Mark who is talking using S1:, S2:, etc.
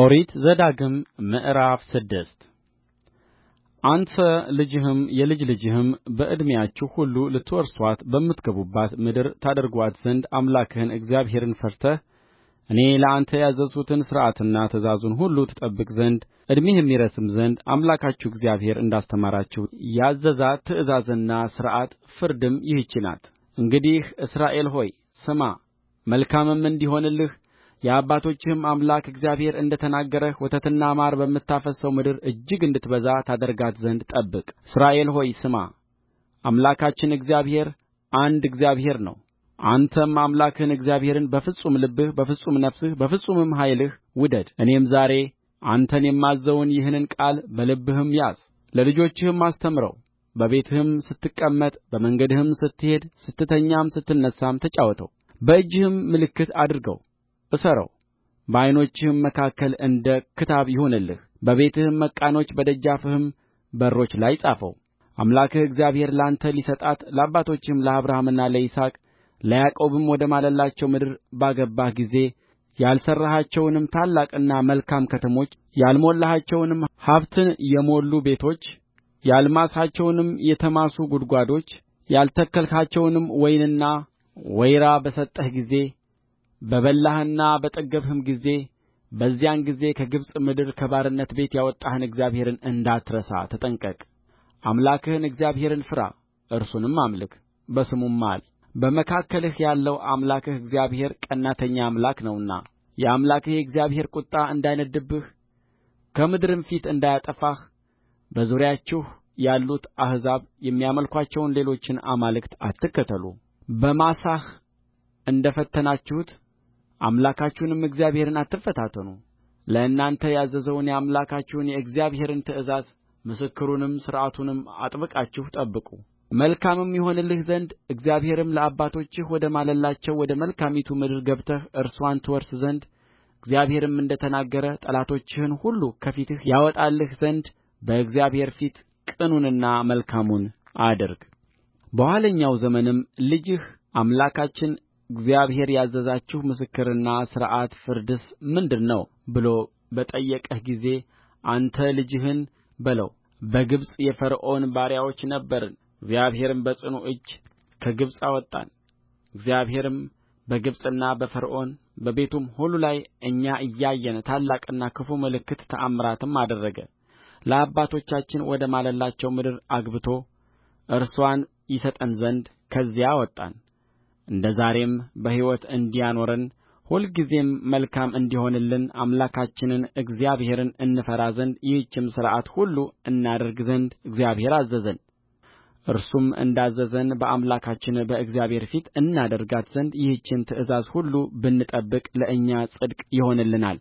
S1: ኦሪት ዘዳግም ምዕራፍ ስድስት አንተ ልጅህም የልጅ ልጅህም በዕድሜአችሁ ሁሉ ልትወርሱአት በምትገቡባት ምድር ታደርጉአት ዘንድ አምላክህን እግዚአብሔርን ፈርተህ እኔ ለአንተ ያዘዝሁትን ሥርዓቱንና ትእዛዙን ሁሉ ትጠብቅ ዘንድ ዕድሜህም ይረዝም ዘንድ አምላካችሁ እግዚአብሔር እንዳስተማራችሁ ያዘዛት ትእዛዝና ሥርዓት ፍርድም ይህች ናት እንግዲህ እስራኤል ሆይ ስማ መልካምም እንዲሆንልህ የአባቶችህም አምላክ እግዚአብሔር እንደ ተናገረህ ወተትና ማር በምታፈስሰው ምድር እጅግ እንድትበዛ ታደርጋት ዘንድ ጠብቅ እስራኤል ሆይ ስማ አምላካችን እግዚአብሔር አንድ እግዚአብሔር ነው አንተም አምላክህን እግዚአብሔርን በፍጹም ልብህ በፍጹም ነፍስህ በፍጹምም ኃይልህ ውደድ እኔም ዛሬ አንተን የማዝዘውን ይህን ቃል በልብህም ያዝ ለልጆችህም አስተምረው በቤትህም ስትቀመጥ በመንገድህም ስትሄድ ስትተኛም ስትነሣም ተጫወተው በእጅህም ምልክት አድርገው እሰረው በዓይኖችህም መካከል እንደ ክታብ ይሁንልህ በቤትህም መቃኖች በደጃፍህም በሮች ላይ አምላክህ እግዚአብሔር ለአንተ ሊሰጣት ለአባቶችህም ለአብርሃምና ለይስሐቅ ለያዕቆብም ወደ ማለላቸው ምድር ባገባህ ጊዜ ያልሠራሃቸውንም ታላቅና መልካም ከተሞች ያልሞላሃቸውንም ሀብትን የሞሉ ቤቶች ያልማስሃቸውንም የተማሱ ጕድጓዶች ያልተከልሃቸውንም ወይንና ወይራ በሰጠህ ጊዜ በበላህና በጠገብህም ጊዜ በዚያን ጊዜ ከግብፅ ምድር ከባርነት ቤት ያወጣህን እግዚአብሔርን እንዳትረሳ ተጠንቀቅ አምላክህን እግዚአብሔርን ፍራ እርሱንም አምልክ በስሙም ማል በመካከልህ ያለው አምላክህ እግዚአብሔር ቀናተኛ አምላክ ነውና የአምላክህ የእግዚአብሔር ቍጣ እንዳይነድድብህ ከምድርም ፊት እንዳያጠፋህ በዙሪያችሁ ያሉት አሕዛብ የሚያመልኩአቸውን ሌሎችን አማልክት አትከተሉ በማሳህ እንደ ፈተናችሁት አምላካችሁንም እግዚአብሔርን አትፈታተኑ ለእናንተ ያዘዘውን የአምላካችሁን የእግዚአብሔርን ትእዛዝ ምስክሩንም ሥርዓቱንም አጥብቃችሁ ጠብቁ መልካምም ይሆንልህ ዘንድ እግዚአብሔርም ለአባቶችህ ወደ ማለላቸው ወደ መልካሚቱ ምድር ገብተህ እርስዋን ትወርስ ዘንድ እግዚአብሔርም እንደ ተናገረ ጠላቶችህን ሁሉ ከፊትህ ያወጣልህ ዘንድ በእግዚአብሔር ፊት ቅኑንና መልካሙን አድርግ በኋለኛው ዘመንም ልጅህ አምላካችን እግዚአብሔር ያዘዛችሁ ምስክርና ሥርዓት ፍርድስ ምንድር ነው ብሎ በጠየቀህ ጊዜ አንተ ልጅህን በለው በግብፅ የፈርዖን ባሪያዎች ነበርን እግዚአብሔርም በጽኑ እጅ ከግብፅ አወጣን እግዚአብሔርም በግብፅና በፈርዖን በቤቱም ሁሉ ላይ እኛ እያየን ታላቅና ክፉ ምልክት ተአምራትም አደረገ ለአባቶቻችን ወደ ማለላቸው ምድር አግብቶ እርስዋን ይሰጠን ዘንድ ከዚያ አወጣን እንደ ዛሬም በሕይወት እንዲያኖረን ሁልጊዜም መልካም እንዲሆንልን አምላካችንን እግዚአብሔርን እንፈራ ዘንድ ይህችን ሥርዓት ሁሉ እናደርግ ዘንድ እግዚአብሔር አዘዘን። እርሱም እንዳዘዘን በአምላካችን በእግዚአብሔር ፊት እናደርጋት ዘንድ ይህችን ትእዛዝ ሁሉ ብንጠብቅ ለእኛ ጽድቅ ይሆንልናል